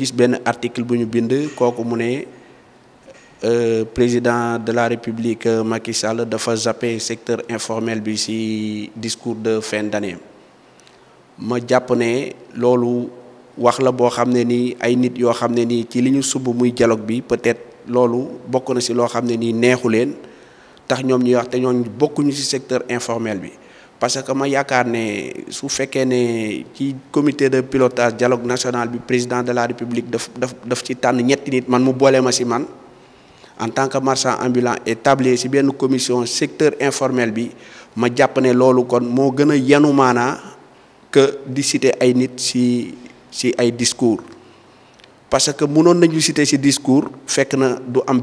gis ben article buñu bind koku mu ne euh, président de la république euh, Macky Sall dafa zappé secteur informel bi ci discours de fin d'année ma jàpp ne loolu wax la bo xamné ni ay nit yo xamné ni ci liñu ñu muy dialogue bi peut-être lolu bokk na ci lo xamné ni nii neexu tax ñom ñu wax te ñooñ bokkuñu ci secteur informel bi parce que ma yakarne comité de pilotage dialogue national du président de la république daf ci nit man mu en tant que marchand ambulant établi ci si commission secteur informel bi ma ne kon que di citer ay si si ay discours parce que nañu citer si discours fekk na du am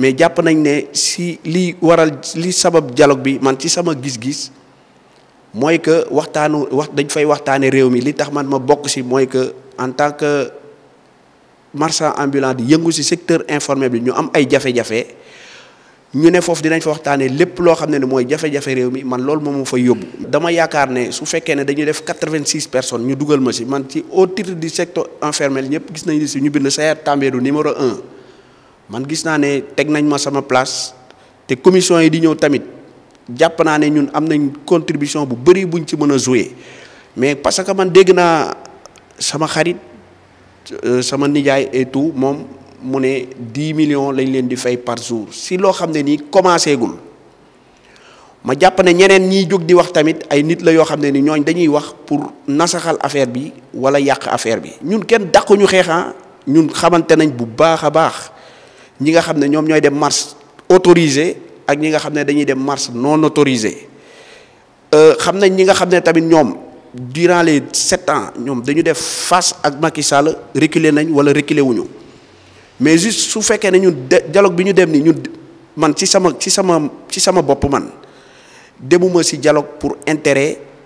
mais japp nañ né si li waral li sabab dialogue bi man ci sama gis-gis moy que waxtanu wax dañ fay waxtane li tax man ma que en tant que marchand ambulant di yëngu fait secteur informel bi ñu am ay jafé plus ñu né foofu dinañ fa waxtane lepp lo xamné ne jafé jafé jafe man fa yobbu dama su def quatre personnes ñu duggal ma man ci au titre du secteur enfermé. ñëpp gis nañ ñu bind numéro un. man gis naa ne teg nañ ma sama place te commission yi di ñëw tamit jàpp naa ne ñun am nañ contribution bu bëri buñ ci mën a jouer mais parce que man dégg naa sama xarit euh, sama nijaay et moom mu ne 10 million lañ leen di fay par jour si loo xam ne nii commencé gul ma jàpp ne ñeneen ñiy jóg di wax tamit ay nit la yoo xam ne ni ñooñ dañuy wax pour nasaxal affaire bi wala yàq affaire bi ñun kenn dàqu ñu xeexaa ah, ñun xamante nañ bu baax a baax ñi nga xamné ñom ñoy dem marche autorisé ak ñi nga xamné dañuy dem marche non autorisé euh xamna ñi nga xamné ne tamit durant les sept ans ñom dañu def face ak Macky Sall reculer nañ wala reculer wuñu mais juste su fekké né ñun dialogue bi ñu dem ni ñun man ci sama ci sama ci sama bop man demuma si dialogue pour intérêt.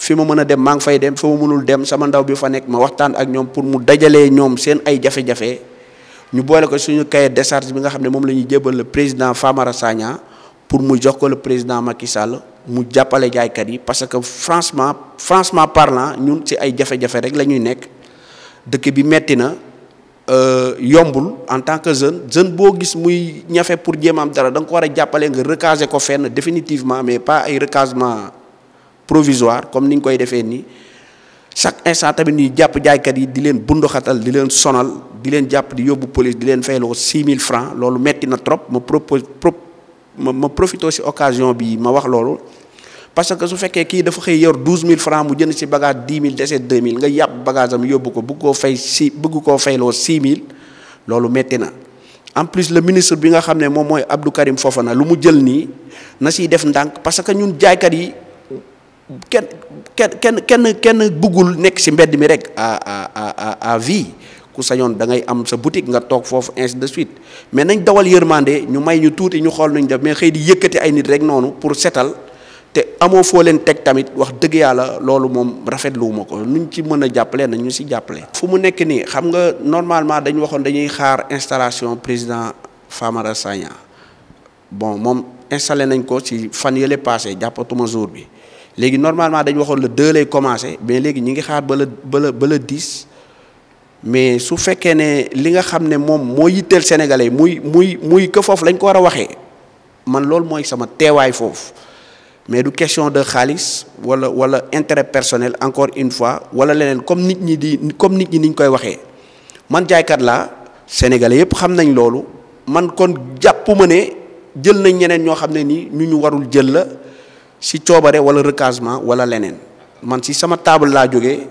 fi ma mën a dem maa ngi fay dem fi ma mënul dem sama ndaw bi fa nekk ma waxtaan ak ñoom pour mu dajalee ñoom seen ay jafe-jafe ñu boole ko suñu cahier de décharge bi nga xam ne moom la ñuy jébal le président Famara Sagna pour mu jox ko le président Macky Sall mu jàppale jaaykat yi parce que franchement franchement parlant ñun ci ay jafe-jafe rek la ñuy nekk dëkk bi metti na euh, yombul en tant que jeune jeune boo gis muy ñafe pour jéem dara da nga ko war a jàppale nga recaser ko fenn définitivement mais pas ay recasement provisoire comme ni ñu koy defee nii chaque instant tamit ñuy jàpp jaaykat yi di leen bunduxatal di leen sonal di leen japp di yobbu police di leen faylo 6000 francs loolu metti na trop ma propose ma ma profité occasion bi ma wax loolu parce que su fekke ki dafa xey yor 12000 francs mu jënd ci bagage 10000 dese 2000 nga yàpp bagage am yóbbu ko bëgg koo fay ci bëgg koo fayloo 6000 loolu metti na. en plus le ministre bi nga xamné mom moy Abdou Karim Fofana lu mu jël ni na ci def ndank parce que ñun jaaykat yi. kenn kenn kenn kenn kenn buggul nekk si mbedd mi rek a à à vie ku sañoon dangay am sa boutique nga toog foofu ainsi de suite mais nañ dawal yërmande ñu may ñu tuuti ñu xool nañ def mais xëy di yëkkati ay nit rek noonu pour setal te amoo foo leen teg tamit wax dëgg yàlla loolu moom rafetluwuma ko nuñ ci mën a jàppale nañ ñu si jàppale. fu mu nekk nii xam nga normalement dañu waxoon dañuy xaar installation président faamara Sagna bon moom installé nañ ko si fan yële passé jàppatuma jour bi. léegi normalement dañ waxone le 2 lay commencer mais légui ñi ngi xaar ba le ba le 10 mais su fekkee né li nga xamné mom moom moo sénégalais yi muy muy muy que foofu lañ ko wara waxé man lool moy sama téway foofu mais du question de khalis wala wala intérêt personnel encore une fois wala leneen comme nit ñi di comme nit ñi niñ koy waxé man kat la sénégalais yépp xam nañ loolu man kon jàpp ma jël nañ ñeneen ñoo xamné ni ñu ñu warul jël la. si coobare wala recasement wala leneen man si sama table laa jóge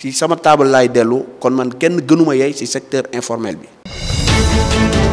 ci sama table laay dellu kon man kenn gënuma yey si secteur informel bi